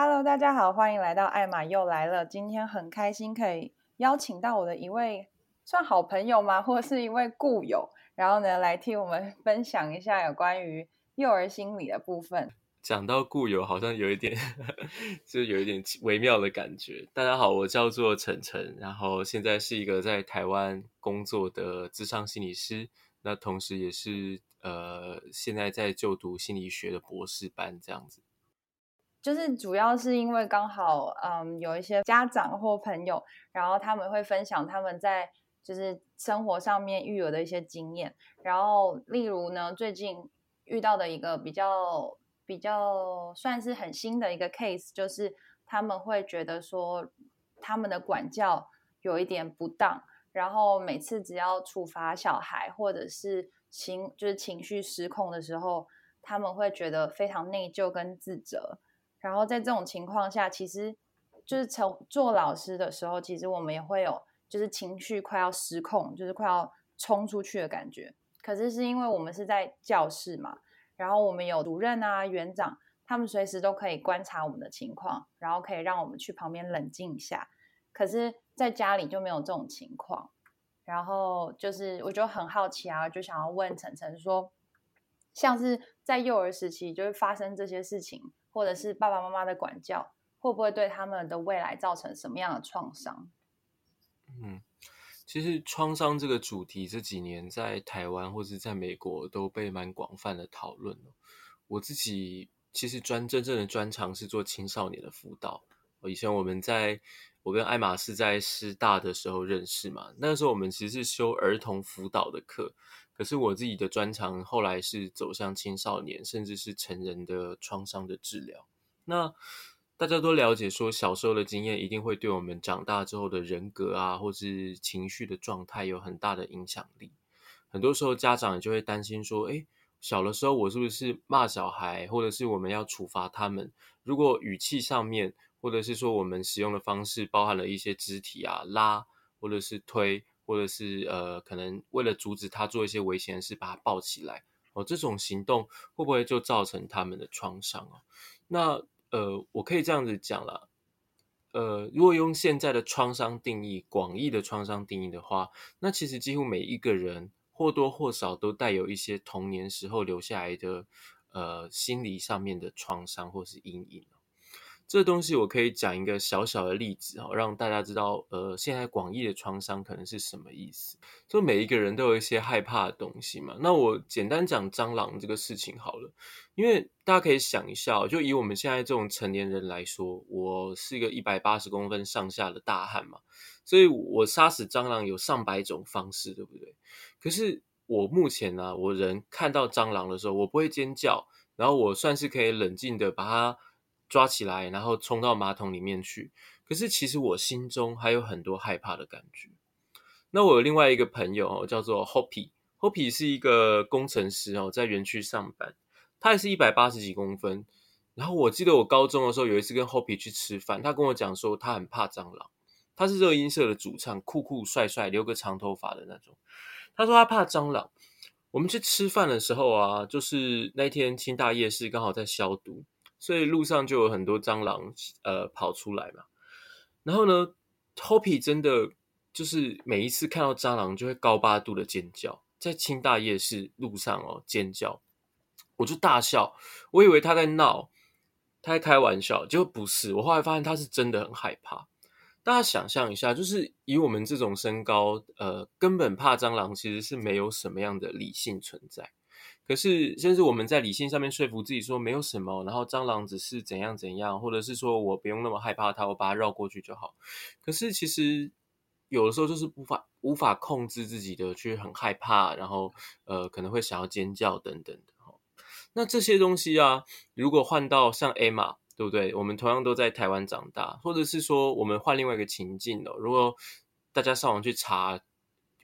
Hello，大家好，歡迎來到艾瑪幼來了。今天很開心可以邀請到我的一位算好朋友嗎？或者是一位故友，然後呢，來替我們分享一下有關於幼兒心理的部分。講到故友，好像有一點， 就有一點微妙的感覺。大家好，我叫做誠誠，然後現在是一個在台灣工作的諮商心理師，那同時也是呃現在在就讀心理學的博士班這樣子。就是主要是因為剛好，嗯，有一些家長或朋友，然後他們會分享他們在就是生活上面育兒的一些經驗。然後，例如呢，最近遇到的一個比較比較算是很新的一個 case，就是他們會覺得說他們的管教有一點不當，然後每次只要處罰小孩或者是情就是情緒失控的時候，他們會覺得非常內疚跟自責。然後在這種情況下，其實就是從做老師的時候，其實我們也會有就是情緒快要失控，就是快要衝出去的感覺。可是是因為我們是在教室嘛，然後我們有主任啊、園長，他們隨時都可以觀察我們的情況，然後可以讓我們去旁邊冷靜一下。可是在家裡就沒有這種情況。然後就是我就很好奇啊，就想要問誠誠說，像是在幼兒時期，就是發生這些事情。或者是爸爸媽媽的管教，會不會對他們的未來造成什麼樣的創傷？嗯，其實創傷這個主題這幾年在台灣或者在美國都被蠻廣泛的討論。我自己其實專，真正的專長是做青少年的輔導。以前我們在，我跟艾瑪是在師大的時候認識嘛，那時候我們其實是修兒童輔導的課。可是我自己的專長後來是走向青少年，甚至是成人的創傷的治療。那大家都了解說，小時候的經驗一定會對我們長大之後的人格啊，或是情緒的狀態有很大的影響力。很多時候家長就會擔心說，誒、欸，小的時候我是不是罵小孩，或者是我們要處罰他們？如果語氣上面，或者是說我們使用的方式包含了一些肢體啊、拉，或者是推。或者是呃，可能為了阻止他做一些危險的事，把他抱起來哦，這種行動會不會就造成他們的創傷啊？那呃，我可以這樣子講啦，呃，如果用現在的創傷定義，廣義的創傷定義的話，那其實幾乎每一個人或多或少都帶有一些童年時候留下來的呃心理上面的創傷或是陰影。這東西我可以講一個小小的例子哈、哦，讓大家知道，呃，現在廣義的創傷可能是什麼意思。就每一個人都有一些害怕的東西嘛。那我簡單講蟑螂這個事情好了，因為大家可以想一下、哦，就以我們現在這種成年人來說，我是一個一百八十公分上下的大漢嘛，所以我殺死蟑螂有上百種方式，對不對？可是我目前呢、啊，我人看到蟑螂的時候，我不會尖叫，然後我算是可以冷靜的把它。抓起來，然後衝到馬桶裡面去。可是其實我心中還有很多害怕的感覺。那我有另外一個朋友哦，叫做 Hoppy，Hoppy 是一個工程師哦，在園區上班。他也是一百八十幾公分。然後我記得我高中的時候有一次跟 Hoppy 去吃飯，他跟我講說他很怕蟑螂。他是熱音社的主唱，酷酷帥帥帥，留個長頭髮的那種。他說他怕蟑螂。我們去吃飯的時候啊，就是那天清大夜市剛好在消毒。所以路上就有很多蟑螂，呃，跑出來嘛。然後呢，Hopey 真的就是每一次看到蟑螂就會高八度的尖叫，在清大夜市路上哦尖叫，我就大笑，我以為他在鬧，他在開玩笑，結果不是。我後來發現他是真的很害怕。大家想象一下，就是以我們這種身高，呃，根本怕蟑螂其實是沒有什麼樣的理性存在。可是，甚至我們在理性上面說服自己說沒有什麼，然後蟑螂只是怎樣怎樣，或者是說我不用那麼害怕它，我把它繞過去就好。可是其實有的時候就是無法無法控制自己的去很害怕，然後呃可能會想要尖叫等等的。那這些東西啊，如果換到像 Emma 對不對？我們同樣都在台灣長大，或者是說我們換另外一個情境的哦，如果大家上網去查，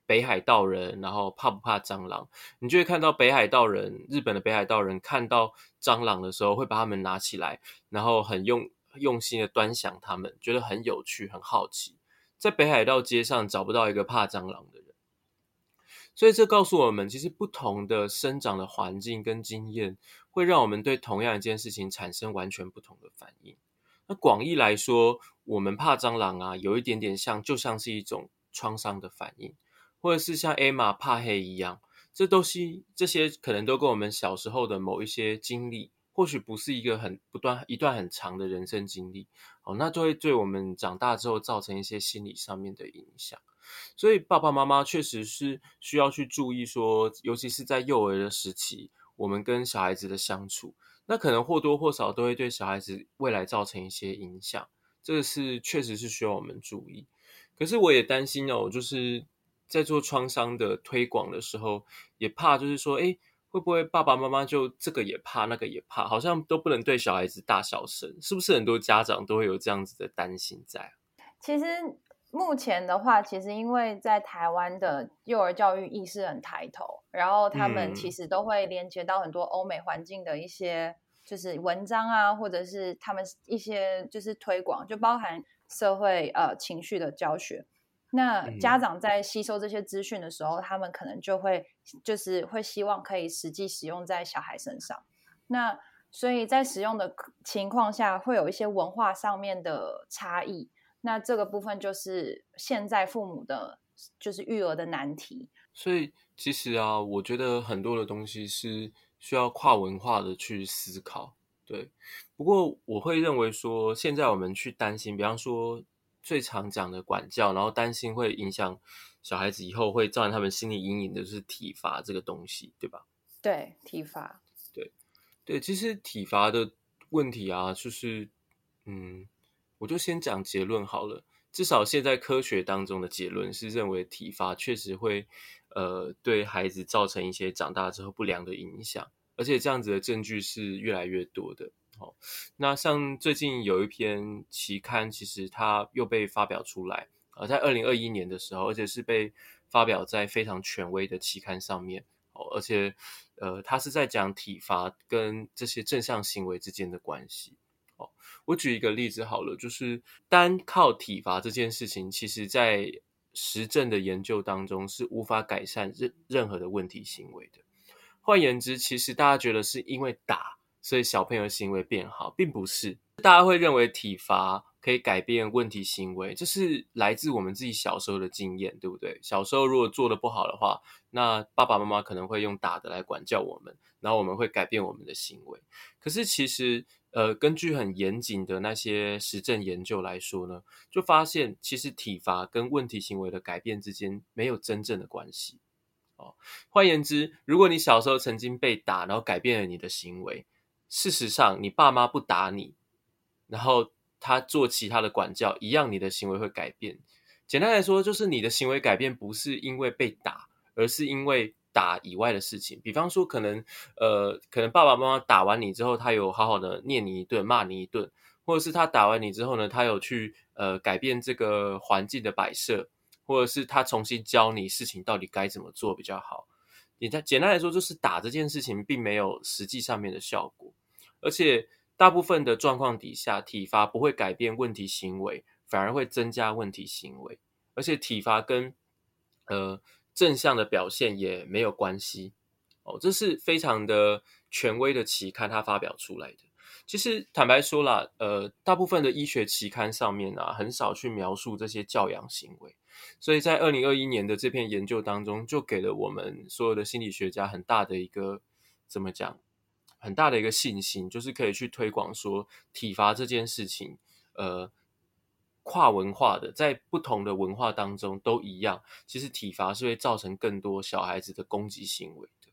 北海道人，然後怕不怕蟑螂？你就會看到北海道人，日本的北海道人看到蟑螂的時候，會把它們拿起來，然後很用用心的端詳它們，覺得很有趣、很好奇。在北海道街上找不到一個怕蟑螂的人，所以這告訴我們，其實不同的生長的環境跟經驗，會讓我們對同樣一件事情產生完全不同的反應。那廣義來說，我們怕蟑螂啊，有一點點像，就像是一種創傷的反應。或者是像艾瑪怕黑一樣，這都是這些可能都跟我們小時候的某一些經歷，或許不是一個很不斷一段很長的人生經歷哦，那就會對我們長大之後造成一些心理上面的影響。所以爸爸媽媽確實是需要去注意說，說尤其是在幼兒的時期，我們跟小孩子的相處，那可能或多或少都會對小孩子未來造成一些影響，這個是確實是需要我們注意。可是我也擔心哦，就是。在做創傷的推廣的時候，也怕就是說，哎，會不會爸爸媽媽就這個也怕，那個也怕，好像都不能對小孩子大小聲，是不是？很多家長都會有這樣子的擔心在啊。其實目前的話，其實因為在台灣的幼兒教育意識很抬頭，然後他們其實都會連接到很多歐美環境的一些，就是文章啊，或者是他們一些就是推廣，就包含社會呃情緒的教學。那家長在吸收這些資訊的時候，嗯、他們可能就會就是會希望可以實際使用在小孩身上。那所以在使用的情況下，會有一些文化上面的差異。那這個部分就是現在父母的，就是育兒的難題。所以其實啊，我覺得很多的東西是需要跨文化的去思考。對，不過我會認為說，現在我們去擔心，比方說。最常講的管教，然後擔心會影響小孩子以後，會造成他們心理陰影的就是體罰這個東西，對吧？對，體罰，對，對，其實體罰的問題啊，就是，嗯，我就先講結論好了。至少現在科學當中的結論是認為體罰確實會，呃，對孩子造成一些長大之後不良的影響，而且這樣子的證據是越來越多的。哦，那像最近有一篇期刊，其實它又被發表出來，而在二零二一年的時候，而且是被發表在非常權威的期刊上面。哦，而且呃，它是在講體罰跟這些正向行為之間的關係。哦，我舉一個例子好了，就是單靠體罰這件事情，其實在實證的研究當中是無法改善任任何的問題行為的。換言之，其實大家覺得是因為打。所以小朋友的行為變好，並不是大家會認為體罰可以改變問題行為，這、就是來自我們自己小時候的經驗，對不對？小時候如果做得不好的話，那爸爸媽媽可能會用打的來管教我們，然後我們會改變我們的行為。可是其實，呃，根據很嚴謹的那些實證研究來說呢，就發現其實體罰跟問題行為的改變之間沒有真正的關係。哦，換言之，如果你小時候曾經被打，然後改變了你的行為，事實上，你爸媽不打你，然後他做其他的管教，一樣你的行為會改變。簡單來說，就是你的行為改變不是因為被打，而是因為打以外的事情。比方說，可能呃，可能爸爸媽媽打完你之後，他有好好的念你一頓，罵你一頓，或者是他打完你之後呢，他有去呃改變這個環境的擺設，或者是他重新教你事情到底該怎麼做比較好。簡單來說，就是打這件事情並沒有實際上面的效果，而且大部分的狀況底下，體罰不會改變問題行為，反而會增加問題行為，而且體罰跟呃正向的表現也沒有關係。哦，這是非常的權威的期刊，它發表出來的。其實坦白說啦，呃，大部分的醫學期刊上面啊，很少去描述這些教養行為。所以在二零二一年的這篇研究當中，就給了我們所有的心理學家很大的一個怎麼講，很大的一個信心，就是可以去推廣說體罰這件事情，呃，跨文化的，在不同的文化當中都一樣，其實體罰是會造成更多小孩子的攻擊行為的。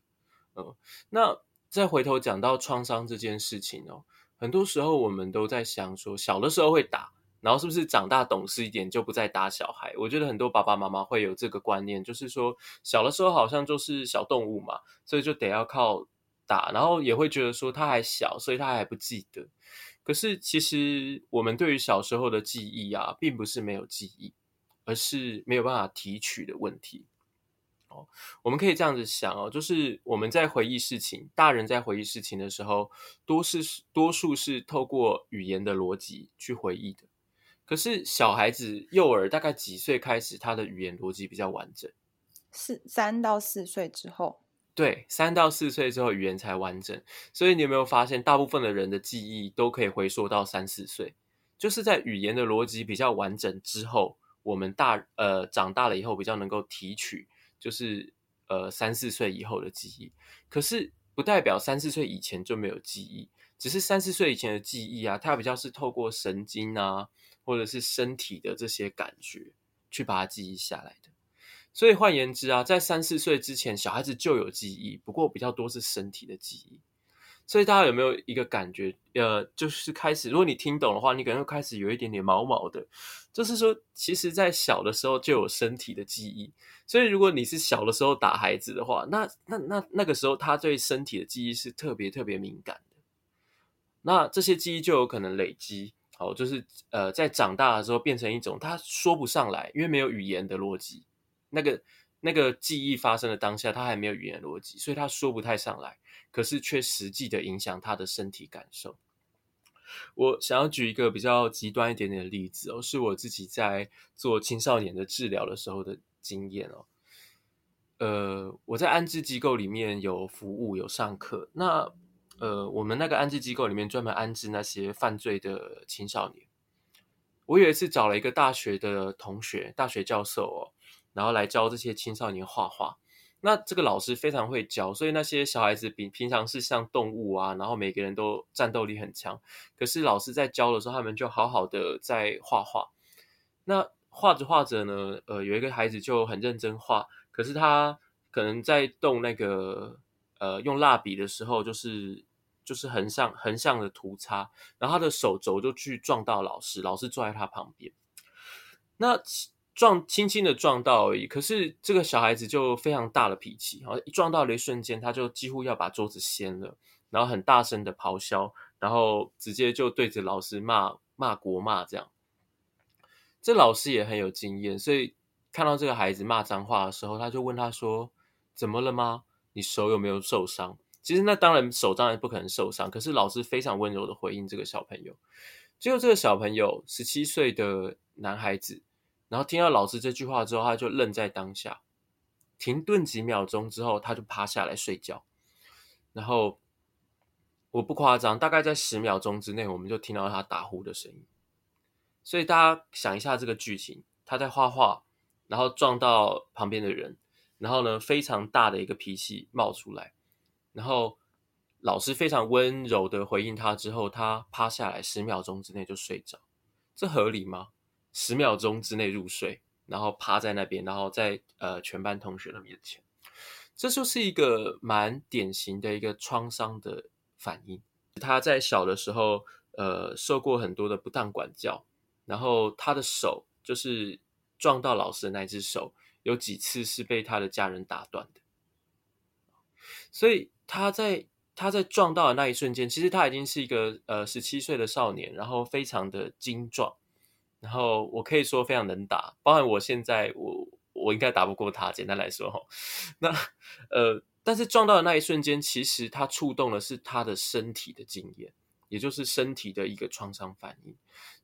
嗯、呃，那再回頭講到創傷這件事情哦，很多時候我們都在想說，小的時候會打。然後是不是長大懂事一點就不再打小孩？我覺得很多爸爸媽媽會有這個觀念，就是說小的時候好像就是小動物嘛，所以就得要靠打。然後也會覺得說他還小，所以他還不記得。可是其實我們對於小時候的記憶啊，並不是沒有記憶，而是沒有辦法提取的問題。哦，我們可以這樣子想哦，就是我們在回憶事情，大人在回憶事情的時候，多是多數是透過語言的邏輯去回憶的。可是小孩子幼兒大概幾歲開始，他的語言邏輯比較完整？是三到四歲之後，對，三到四歲之後語言才完整。所以你有沒有發現，大部分的人的記憶都可以回溯到三四歲？就是在語言的邏輯比較完整之後，我們大呃長大了以後比較能夠提取，就是呃三四歲以後的記憶。可是不代表三四歲以前就沒有記憶，只是三四歲以前的記憶啊，它比較是透過神經啊。或者是身體的這些感覺，去把它記憶下來的。所以換言之啊，在三四歲之前，小孩子就有記憶，不過比較多是身體的記憶。所以大家有沒有一個感覺？呃，就是開始，如果你聽懂的話，你可能會開始有一點點毛毛的。就是說，其實在小的時候就有身體的記憶。所以如果你是小的時候打孩子的話，那那那那個時候他對身體的記憶是特別特別敏感的。那這些記憶就有可能累積。哦，就是呃，在長大的時候變成一種，他說不上來，因為沒有語言的邏輯。那個那個記憶發生的當下，他還沒有語言的邏輯，所以他說不太上來，可是卻實際的影響他的身體感受。我想要舉一個比較極端一點點的例子哦，是我自己在做青少年的治療的時候的經驗哦。呃，我在安置機構裡面有服務，有上課，那。呃，我們那個安置機構裡面專門安置那些犯罪的青少年。我有一次找了一個大學的同學，大學教授哦，然後來教這些青少年畫畫。那這個老師非常會教，所以那些小孩子比平常是像動物啊，然後每個人都戰鬥力很強。可是老師在教的時候，他們就好好的在畫畫。那畫着畫着呢，呃，有一個孩子就很認真畫，可是他可能在動那個呃用蠟筆的時候，就是。就是橫向橫向的塗擦，然後他的手肘就去撞到老師，老師坐在他旁邊，那撞，輕輕的撞到而已。可是這個小孩子就非常大的脾氣，好像一撞到了一瞬間，他就幾乎要把桌子掀了，然後很大聲的咆哮，然後直接就對着老師罵罵國罵這樣。這老師也很有經驗，所以看到這個孩子罵髒話的時候，他就問他說：“怎麼了嗎？你手有沒有受傷？”其實那當然手當然不可能受傷，可是老師非常溫柔的回應這個小朋友。只有這個小朋友十七歲的男孩子，然後聽到老師這句話之後，他就愣在當下，停頓幾秒鐘之後，他就趴下來睡覺。然後我不誇張，大概在十秒鐘之內，我們就聽到他打呼的聲音。所以大家想一下這個劇情：他在畫畫，然後撞到旁邊的人，然後呢非常大的一個脾氣冒出來。然後老師非常溫柔的回應他之後，他趴下來十秒鐘之內就睡着，這合理嗎？十秒鐘之內入睡，然後趴在那邊，然後在呃全班同學的面前。這就是一個蠻典型的一個創傷的反應。他在小的時候呃受過很多的不當管教，然後他的手就是撞到老師的那隻手，有幾次是被他的家人打斷的。所以他在他在撞到的那一瞬間，其實他已經是一個呃十七歲的少年，然後非常的精壯，然後我可以說非常能打，包含我現在我我應該打不過他。簡單來說吼，那呃，但是撞到的那一瞬間，其實他觸動的是他的身體的經驗，也就是身體的一個創傷反應。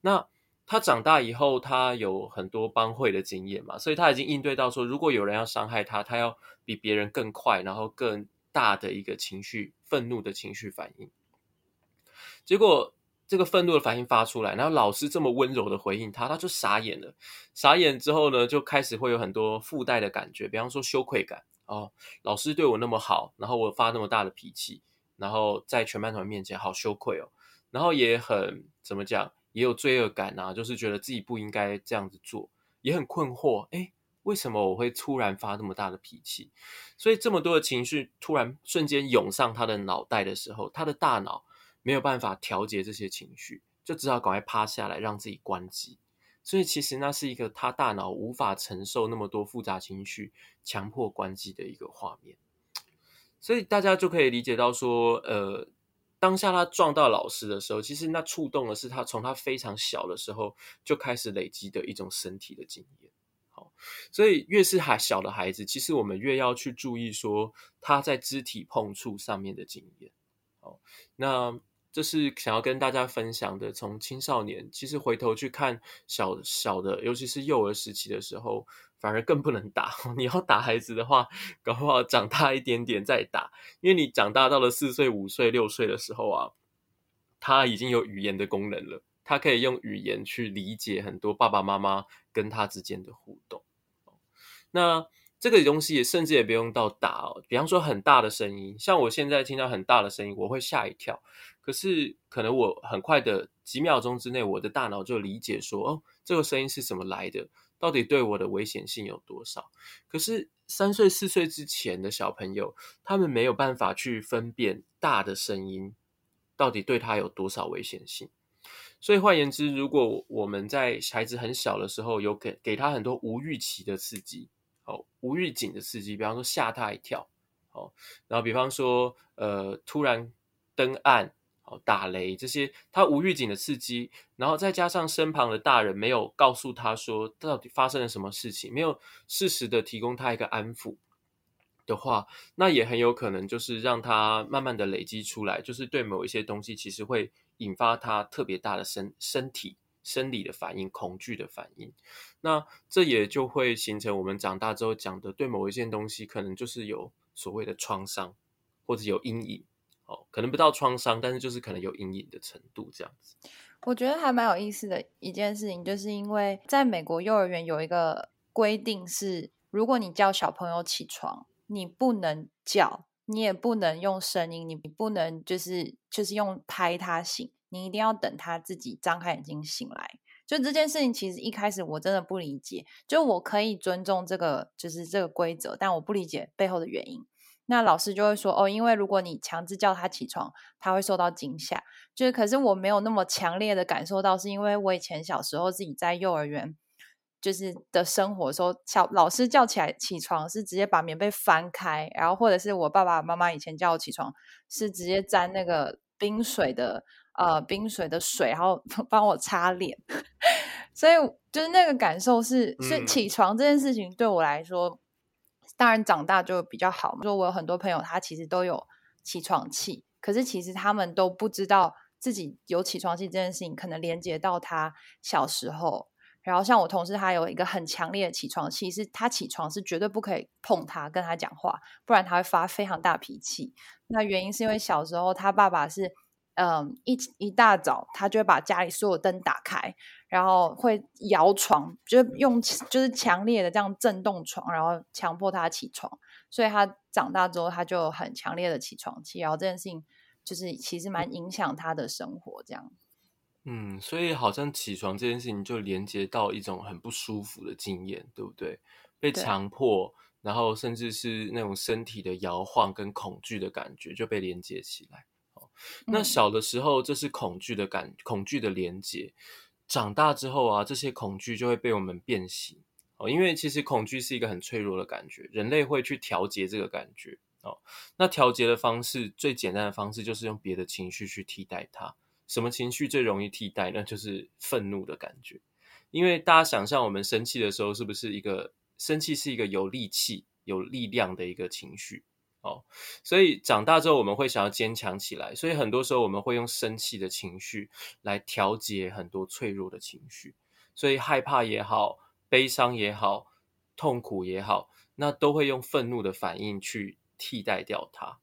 那他長大以後，他有很多幫會的經驗嘛，所以他已經應對到說，如果有人要傷害他，他要比別人更快，然後更大的一個情緒，憤怒的情緒反應。結果這個憤怒的反應發出來，然後老師這麼溫柔的回應他，他就傻眼了。傻眼之後呢，就開始會有很多附帶的感覺，比方說羞愧感哦，老師對我那麼好，然後我發那麼大的脾氣，然後在全班同學面前好羞愧哦，然後也很，怎麼講？也有罪惡感啊，就是覺得自己不應該這樣子做，也很困惑。哎，為什麼我會突然發那麼大的脾氣？所以這麼多的情緒突然瞬間湧上他的腦袋的時候，他的大腦沒有辦法調節這些情緒，就只好趕快趴下來讓自己關機。所以其實那是一個他大腦無法承受那麼多複雜情緒，強迫關機的一個畫面。所以大家就可以理解到說，呃，當下他撞到老師的時候，其實那觸動的是他從他非常小的時候就開始累積的一種身體的經驗。好，所以越是還小的孩子，其實我們越要去注意說他在肢體碰觸上面的經驗。好，那這是想要跟大家分享的，從青少年其實回頭去看小小的，尤其是幼兒時期的時候。反而更不能打。你要打孩子的話，搞不好長大一點點再打。因為你長大到了四歲、五歲、六歲的時候啊，他已經有語言的功能了，他可以用語言去理解很多爸爸媽媽跟他之間的互動。那這個東西也甚至也不用到打哦。比方說很大的聲音，像我現在聽到很大的聲音，我會嚇一跳。可是可能我很快的幾秒鐘之內，我的大腦就理解說，哦，這個聲音是怎麼來的。到底對我的危險性有多少？可是三歲四歲之前的小朋友，他們沒有辦法去分辨大的聲音，到底對他有多少危險性。所以換言之，如果我們在孩子很小的時候有給給他很多無預期的刺激，哦，無預警的刺激，比方說嚇他一跳，哦，然後比方說呃突然登岸。哦，打雷這些，他無預警的刺激，然後再加上身旁的大人沒有告訴他說到底發生了什麼事情，沒有適時的提供他一個安撫的話，那也很有可能就是讓他慢慢的累積出來，就是對某一些東西其實會引發他特別大的身身體生理的反應、恐懼的反應。那這也就會形成我們長大之後講的對某一件東西可能就是有所謂的創傷或者有陰影。哦，可能不到創傷，但是就是可能有陰影的程度這樣子。我覺得還蠻有意思的一件事情，就是因為在美國幼兒園有一個規定是，如果你叫小朋友起床，你不能叫，你也不能用聲音，你不能就是就是用拍他醒，你一定要等他自己張開眼睛醒來。就這件事情，其實一開始我真的不理解，就我可以尊重這個就是這個規則，但我不理解背後的原因。那老師就會說，哦，因為如果你強制叫他起床，他會受到驚嚇。就是，可是我沒有那麼強烈的感受到，是因為我以前小時候自己在幼兒園就是的生活的時候，小老師叫起來起床是直接把棉被翻開，然後或者是我爸爸媽媽以前叫我起床是直接沾那個冰水的呃冰水的水，然後幫我擦臉。 所以就是那個感受是，是起床這件事情對我來說。嗯當然長大就比較好嘛。就我有很多朋友，他其實都有起床氣，可是其實他們都不知道自己有起床氣這件事情，可能連接到他小時候。然後像我同事，他有一個很強烈的起床氣，是他起床是絕對不可以碰他，跟他講話，不然他會發非常大脾氣。那原因是因為小時候他爸爸是，嗯，一一大早他就會把家裡所有燈打開。然後會搖床，就是用就是強烈的這樣震動床，然後強迫他起床。所以他長大之後，他就很強烈的起床氣。然後這件事情就是其實蠻影響他的生活，這樣。嗯，所以好像起床這件事情就連接到一種很不舒服的經驗，對不對？被強迫，對然後甚至是那種身體的搖晃跟恐懼的感覺就被連接起來。嗯，那小的時候這是恐懼的感，恐懼的連接。長大之後啊，這些恐懼就會被我們變形哦，因為其實恐懼是一個很脆弱的感覺，人類會去調節這個感覺哦。那調節的方式最簡單的方式就是用別的情緒去替代它。什麼情緒最容易替代？那就是憤怒的感覺，因為大家想象我們生氣的時候，是不是一個，生氣是一個有力氣、有力量的一個情緒？哦，所以長大之後我們會想要堅強起來，所以很多時候我們會用生氣的情緒來調節很多脆弱的情緒，所以害怕也好，悲傷也好，痛苦也好，那都會用憤怒的反應去替代掉它。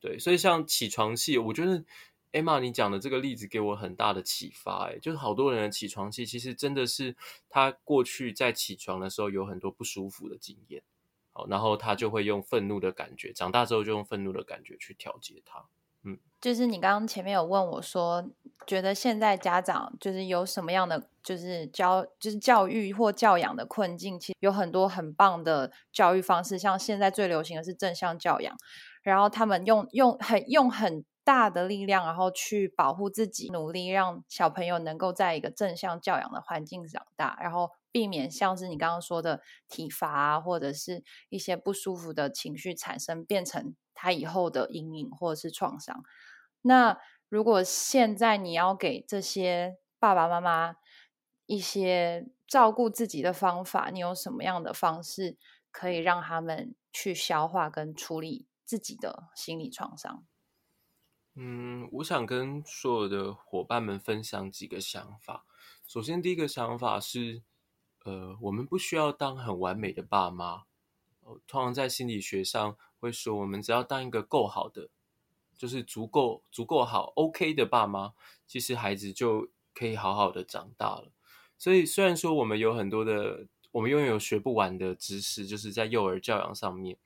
對，所以像起床氣，我覺得 Emma 你講的這個例子給我很大的啟發、欸。誒，就是好多人的起床氣其實真的是他過去在起床的時候有很多不舒服的經驗。然後他就會用憤怒的感覺，長大之後就用憤怒的感覺去調節他。嗯，就是你剛剛前面有問我說，說覺得現在家長就是有什麼樣的，就是教就是教育或教養的困境，其實有很多很棒的教育方式，像現在最流行的是正向教養，然後他們用用很用很大的力量，然後去保護自己，努力讓小朋友能夠在一個正向教養的環境長大，然後。避免像是你剛剛說的體罰啊，或者是一些不舒服的情緒產生，變成他以後的陰影或者是創傷。那如果現在你要給這些爸爸媽媽一些照顧自己的方法，你有什麼樣的方式可以讓他們去消化跟處理自己的心理創傷？嗯，我想跟所有的夥伴們分享幾個想法。首先，第一個想法是。呃，我們不需要當很完美的爸媽。哦，通常在心理學上會說，我們只要當一個夠好的，就是足夠足夠好 OK 的爸媽，其實孩子就可以好好的長大了。所以雖然說我們有很多的，我們擁有學不完的知識，就是在幼兒教養上面，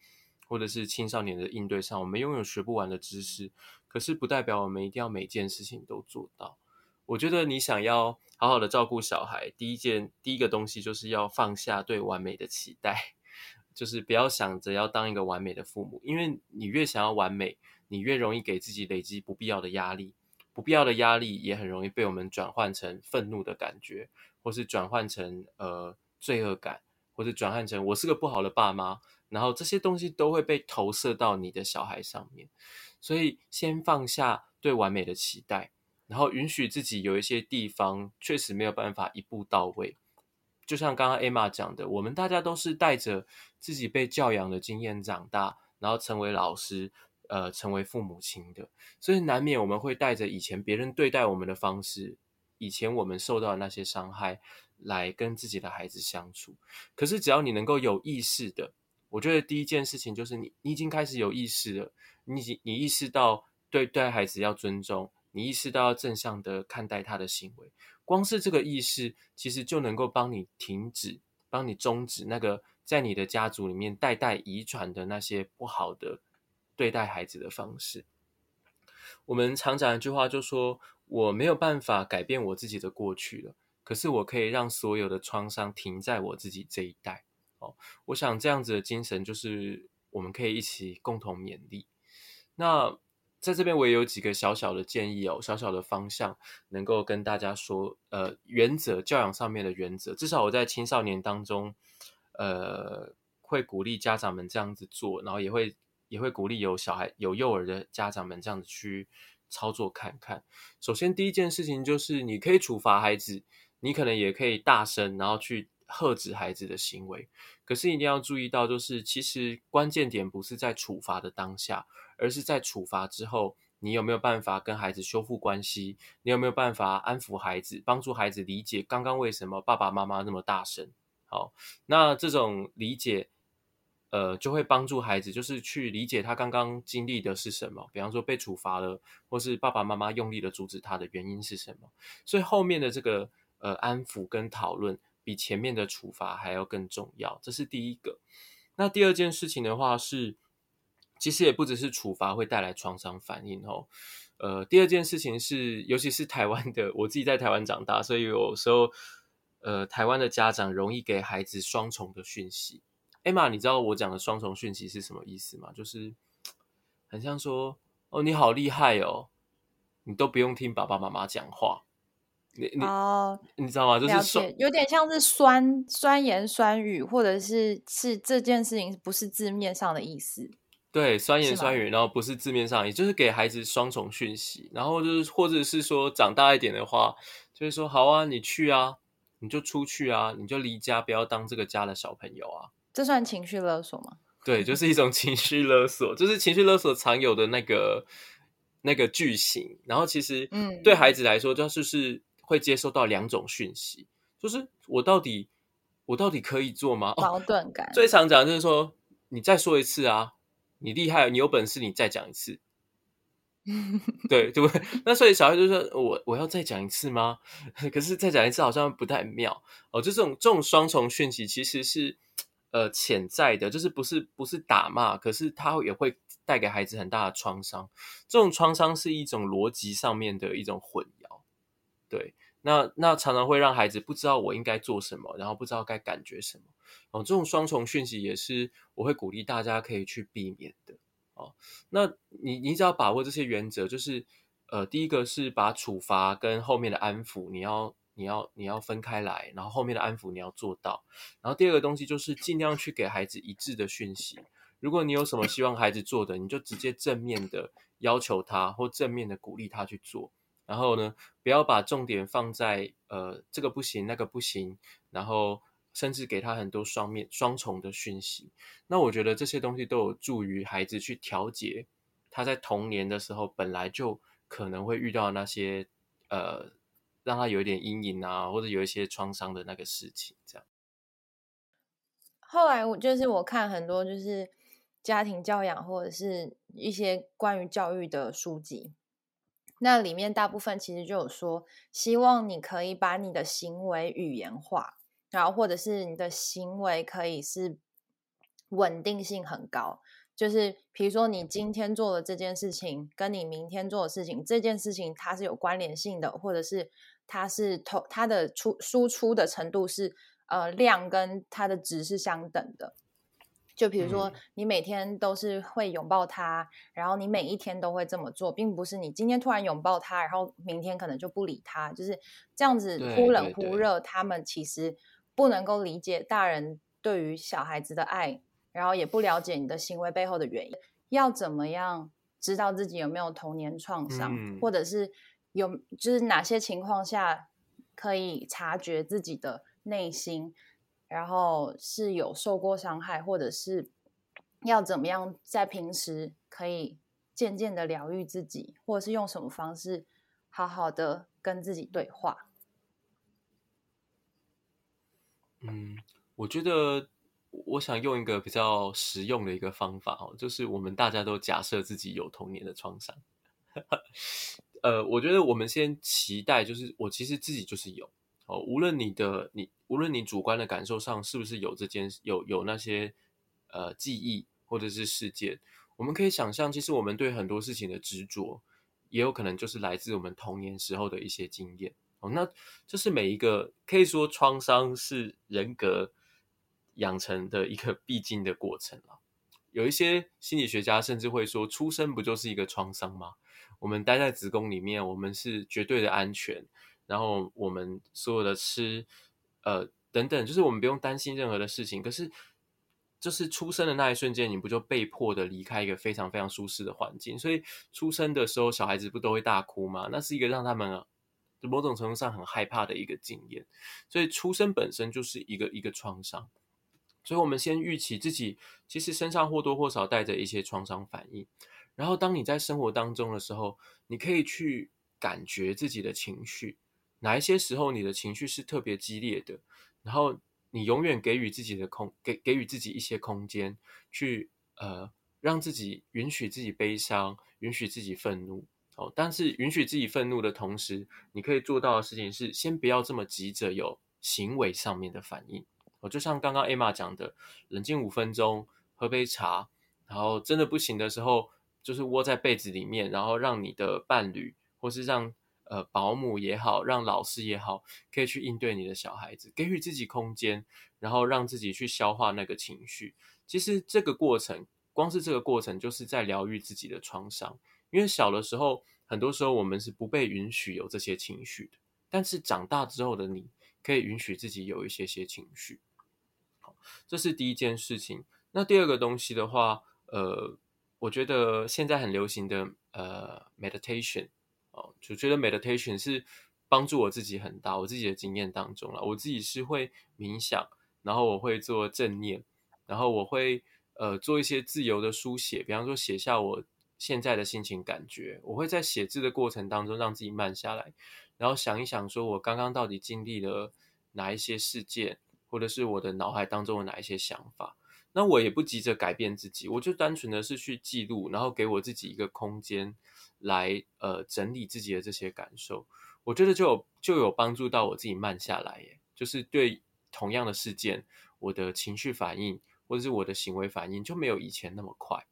或者是青少年的應對上，我們擁有學不完的知識，可是不代表我們一定要每件事情都做到。我覺得你想要好好的照顧小孩，第一件、第一個東西就是要放下對完美的期待，就是不要想着要當一個完美的父母，因為你越想要完美，你越容易給自己累積不必要的壓力，不必要的壓力也很容易被我們轉換成憤怒的感覺，或是轉換成呃罪惡感，或是轉換成我是個不好的爸媽，然後這些東西都會被投射到你的小孩上面，所以先放下對完美的期待。然後允許自己有一些地方確實沒有辦法一步到位，就像剛剛 Emma 講的，我們大家都是帶着自己被教養的經驗長大，然後成為老師，呃，成為父母親的，所以難免我們會帶着以前別人對待我們的方式，以前我們受到的那些傷害來跟自己的孩子相處。可是只要你能夠有意識的，我覺得第一件事情就是你你已經開始有意識了，你已經你意識到對對孩子要尊重。你意識到要正向的看待他的行為，光是這個意識，其實就能夠幫你停止、幫你終止那個在你的家族裡面代代遺傳的那些不好的對待孩子的方式。我們常講一句話，就說我沒有辦法改變我自己的過去了，可是我可以讓所有的創傷停在我自己這一代。哦，我想這樣子的精神，就是我們可以一起共同勉勵。那。在這邊我也有幾個小小的建議哦，小小的方向能夠跟大家說，呃，原則教養上面的原則，至少我在青少年當中，呃，會鼓勵家長們這樣子做，然後也會也會鼓勵有小孩有幼兒的家長們這樣子去操作看看。首先第一件事情就是你可以處罰孩子，你可能也可以大聲，然後去。喝止孩子的行為，可是一定要注意到，就是其實關鍵點不是在處罰的當下，而是在處罰之後，你有沒有辦法跟孩子修復關係？你有沒有辦法安撫孩子，幫助孩子理解剛剛為什麼爸爸媽媽那麼大聲？好，那這種理解，呃，就會幫助孩子，就是去理解他剛剛經歷的是什麼。比方說被處罰了，或是爸爸媽媽用力的阻止他的原因是什麼？所以後面的這個呃安撫跟討論。比前面的處罰還要更重要，這是第一個。那第二件事情的話是，其實也不只是處罰會帶來創傷反應哦。呃，第二件事情是，尤其是台灣的，我自己在台灣長大，所以有時候，呃，台灣的家長容易給孩子雙重的訊息。艾瑪，你知道我講的雙重訊息是什麼意思嗎？就是很像說，哦，你好厲害哦，你都不用聽爸爸媽媽講話。你哦，你，uh, 你知道嗎？就是有點像是酸酸言酸語，或者是是這件事情不是字面上的意思。對，酸言酸語，是嗎？然後不是字面上，也就是給孩子雙重訊息。然後就是，或者是說長大一點的話，就是說好啊，你去啊，你就出去啊，你就離家，不要當這個家的小朋友啊。這算情緒勒索嗎？對，就是一種情緒勒索，就是情緒勒索常有的那個那個句型。然後其實，嗯，對孩子來說，就是是。嗯會接收到兩種訊息，就是我到底我到底可以做嗎？矛盾感、哦、最常講的就是說，你再說一次啊，你厲害，你有本事，你再講一次。 對對不對？那所以小孩就說，我我要再講一次嗎？可是再講一次好像不太妙哦。就這種這種雙重訊息其實是呃潛在的，就是不是不是打罵，可是它也會帶給孩子很大的創傷。這種創傷是一種邏輯上面的一種混。對，那那常常會讓孩子不知道我應該做什麼，然後不知道該感覺什麼。哦，這種雙重訊息也是我會鼓勵大家可以去避免的。哦，那你你只要把握這些原則，就是呃，第一個是把處罰跟後面的安撫，你要你要你要分開來，然後後面的安撫你要做到。然後第二個東西就是盡量去給孩子一致的訊息。如果你有什麼希望孩子做的，你就直接正面的要求他，或正面的鼓勵他去做。然後呢，不要把重點放在呃這個不行，那個不行，然後甚至給他很多雙面雙重的訊息。那我覺得這些東西都有助於孩子去調節他在童年的時候本來就可能會遇到那些呃讓他有一點陰影啊，或者有一些創傷的那個事情。這樣。後來我就是我看很多就是家庭教養或者是一些關於教育的書籍。那裡面大部分其實就有說，希望你可以把你的行為語言化，然後或者是你的行為可以是穩定性很高，就是比如說你今天做的這件事情，跟你明天做的事情，這件事情它是有關聯性的，或者是它是投，它的出輸出的程度是呃量跟它的值是相等的。就比如說，你每天都是會擁抱他，嗯、然後你每一天都會這麼做，並不是你今天突然擁抱他，然後明天可能就不理他，就是這樣子忽冷忽熱。他們其實不能夠理解大人對於小孩子的愛，然後也不了解你的行為背後的原因。要怎麼樣知道自己有沒有童年創傷，嗯、或者是有就是哪些情況下可以察覺自己的內心？然後是有受過傷害，或者是要怎麼樣，在平時可以漸漸的療癒自己，或者是用什麼方式好好的跟自己對話？嗯，我覺得我想用一個比較實用的一個方法哦，就是我們大家都假設自己有童年的創傷。 呃，我覺得我們先期待，就是我其實自己就是有。無論你的你，無論你主觀的感受上是不是有這件有有那些呃記憶或者是事件，我們可以想象，其實我們對很多事情的執着，也有可能就是來自我們童年時候的一些經驗。哦，那這是每一個可以說，創傷是人格養成的一個必經的過程了。有一些心理學家甚至會說，出生不就是一個創傷嗎？我們待在子宮裡面，我們是絕對的安全。然後我們所有的吃，呃，等等，就是我們不用擔心任何的事情。可是，就是出生的那一瞬間，你不就被迫的離開一個非常非常舒適的環境？所以出生的時候，小孩子不都會大哭嗎？那是一個讓他們啊，某種程度上很害怕的一個經驗。所以出生本身就是一個一個創傷。所以，我們先預期自己其實身上或多或少帶着一些創傷反應。然後，當你在生活當中的時候，你可以去感覺自己的情緒。哪一些時候你的情緒是特別激烈的，然後你永遠給予自己的空，給給予自己一些空間去，去呃讓自己允許自己悲傷，允許自己憤怒，哦，但是允許自己憤怒的同時，你可以做到的事情是先不要這麼急着有行為上面的反應。哦，就像剛剛艾瑪講的，冷靜五分鐘，喝杯茶，然後真的不行的時候，就是窩在被子裡面，然後讓你的伴侶或是讓。呃，保姆也好，讓老師也好，可以去應對你的小孩子，給予自己空間，然後讓自己去消化那個情緒。其實這個過程，光是這個過程，就是在療癒自己的創傷。因為小的時候，很多時候我們是不被允許有這些情緒的，但是長大之後的你，可以允許自己有一些些情緒。好，這是第一件事情。那第二個東西的話，呃，我覺得現在很流行的呃，meditation。Med itation, 哦，就覺得 meditation 是幫助我自己很大，我自己的經驗當中了。我自己是會冥想，然後我會做正念，然後我會呃做一些自由的書寫，比方說寫下我現在的心情感覺。我會在寫字的過程當中讓自己慢下來，然後想一想，說我剛剛到底經歷了哪一些事件，或者是我的腦海當中有哪一些想法。那我也不急着改變自己，我就單純的是去記錄，然後給我自己一個空間。來，呃，整理自己的這些感受，我覺得就有就有幫助到我自己慢下來耶。就是對同樣的事件，我的情緒反應或者是我的行為反應就沒有以前那麼快。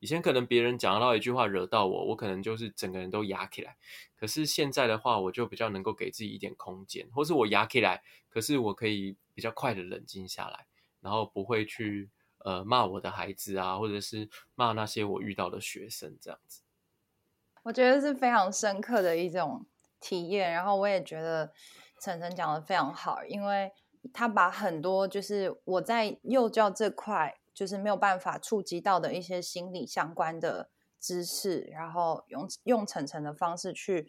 以前可能別人講到一句話惹到我，我可能就是整個人都壓起來。可是現在的話，我就比較能夠給自己一點空間，或是我壓起來，可是我可以比較快的冷靜下來，然後不會去呃罵我的孩子啊，或者是罵那些我遇到的學生這樣子。我覺得是非常深刻的一種體驗，然後我也覺得誠誠講的非常好，因為他把很多就是我在幼教這塊就是沒有辦法觸及到的一些心理相關的知識，然後用用誠誠的方式去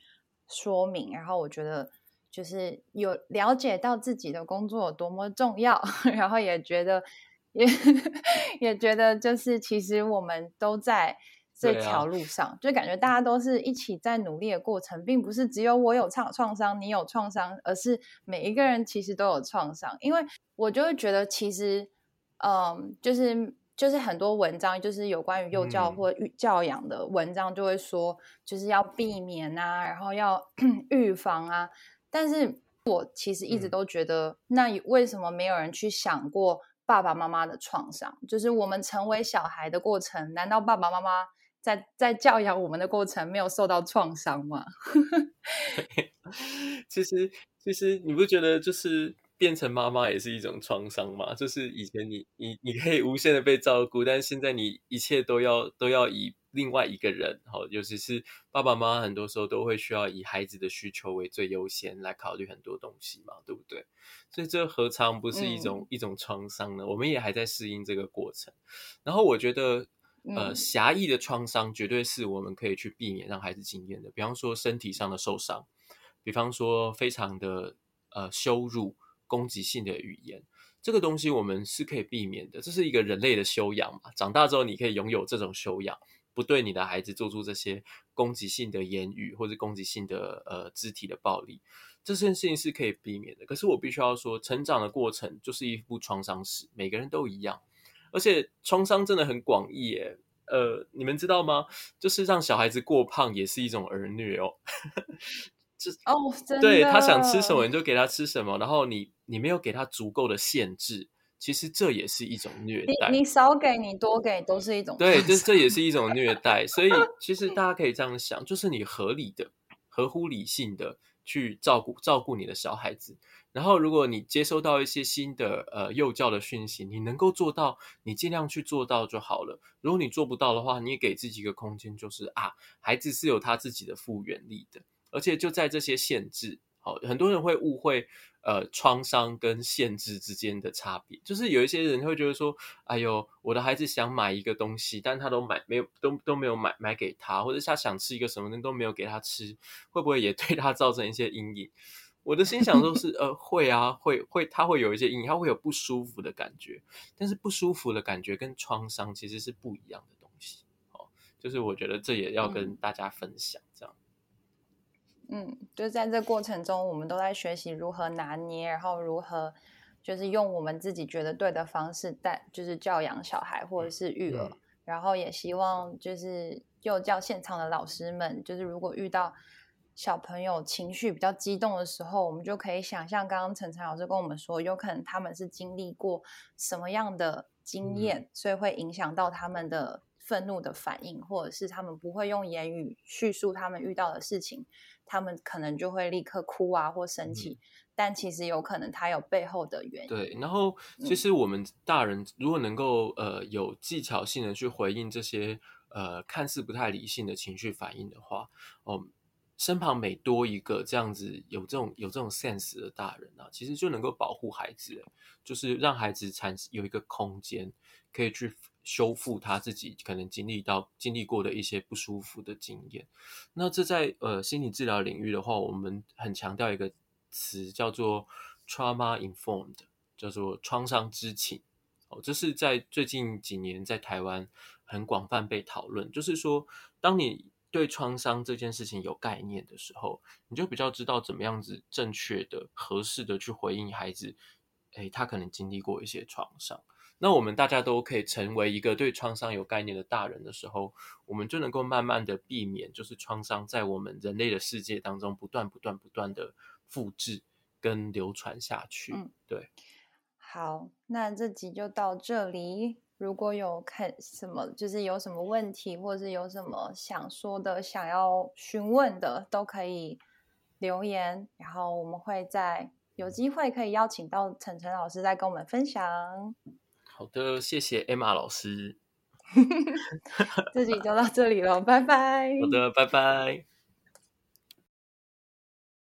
說明，然後我覺得就是有了解到自己的工作有多麼重要，然後也覺得也也覺得就是其實我們都在。這條路上，啊、就感覺大家都是一起在努力的過程，並不是只有我有創創傷，你有創傷，而是每一個人其實都有創傷。因為我就會覺得，其實，嗯、呃，就是就是很多文章，就是有關於幼教或教養的文章，就會說就是要避免啊，嗯、然後要預防啊。但是，我其實一直都覺得，嗯、那為什麼沒有人去想過爸爸媽媽的創傷？就是我們成為小孩的過程，難道爸爸媽媽？在在教養我們的過程沒有受到創傷嗎？ 其實其實你不覺得就是變成媽媽也是一種創傷嗎？就是以前你你你可以無限的被照顧，但現在你一切都要都要以另外一個人，好，尤其是爸爸媽媽很多時候都會需要以孩子的需求為最優先來考慮很多東西嘛，對不對？所以這何嘗不是一種、嗯、一種創傷呢？我們也還在適應這個過程，然後我覺得。嗯、呃，狹義的創傷絕對是我們可以去避免讓孩子經驗的。比方說身體上的受傷，比方說非常的呃羞辱、攻擊性的語言，這個東西我們是可以避免的。這是一個人類的修養嘛，長大之後你可以擁有這種修養，不對你的孩子做出這些攻擊性的言語或者攻擊性的呃肢體的暴力，這件事情是可以避免的。可是我必須要說，成長的過程就是一部創傷史，每個人都一樣。而且創傷真的很廣義誒，呃，你們知道嗎？就是讓小孩子過胖也是一種兒虐哦。這 哦就，oh, 對他想吃什麼你就給他吃什麼，然後你你沒有給他足夠的限制，其實這也是一種虐待。你，你少給你多給都是一種，對，這這也是一種虐待。所以其實大家可以這樣想，就是你合理的、合乎理性的，去照顧照顧你的小孩子，然後如果你接收到一些新的呃幼教的訊息你能夠做到，你儘量去做到就好了。如果你做不到的話，你也給自己一個空間，就是啊，孩子是有他自己的復原力的，而且就在這些限制，好，很多人會誤會。呃，創傷跟限制之間的差別，就是有一些人會覺得說，哎呦，我的孩子想買一個東西，但他都買沒有，都都沒有買買給他，或者是他想吃一個什麼，都沒有給他吃，會不會也對他造成一些陰影？我的心想都是，呃，會啊，會會，他會有一些陰影，他會有不舒服的感覺，但是不舒服的感覺跟創傷其實是不一樣的東西。哦，就是我覺得這也要跟大家分享這樣。嗯嗯，就在這過程中，我們都在學習如何拿捏，然後如何就是用我們自己覺得對的方式帶，就是教養小孩或者是育兒，Yeah. 然後也希望就是幼教現場的老師們，就是如果遇到小朋友情緒比較激動的時候，我們就可以想象剛剛誠誠老師跟我們說，有可能他們是經歷過什麼樣的經驗，所以會影響到他們的憤怒的反應，或者是他們不會用言語敘述他們遇到的事情。他們可能就會立刻哭啊或生氣，嗯、但其實有可能他有背後的原因。對，然後其實我們大人如果能夠、嗯、呃有技巧性的去回應這些呃看似不太理性的情緒反應的話，哦、呃，身旁每多一個這樣子有這種有這種 sense 的大人啊，其實就能夠保護孩子、欸，就是讓孩子產生有一個空間可以去。修復他自己可能經歷到、經歷過的一些不舒服的經驗。那這在呃心理治療領域的話，我們很強調一個詞叫做 trauma informed，叫做創傷知情。哦，這是在最近幾年在台灣很廣泛被討論。就是說，當你對創傷這件事情有概念的時候，你就比較知道怎麼樣子正確的、合適的去回應孩子。誒，他可能經歷過一些創傷。那我們大家都可以成為一個對創傷有概念的大人的時候，我們就能夠慢慢的避免，就是創傷在我們人類的世界當中不斷不斷不斷的複製跟流傳下去。嗯、對。好，那這集就到這裡。如果有看什麼，就是有什麼問題，或者是有什麼想說的、想要詢問的，都可以留言。然後我們會再有機會可以邀請到誠誠老師再跟我們分享。好的，謝謝 Emma 老師，這 集就到這裡了， 拜拜。好的，拜拜。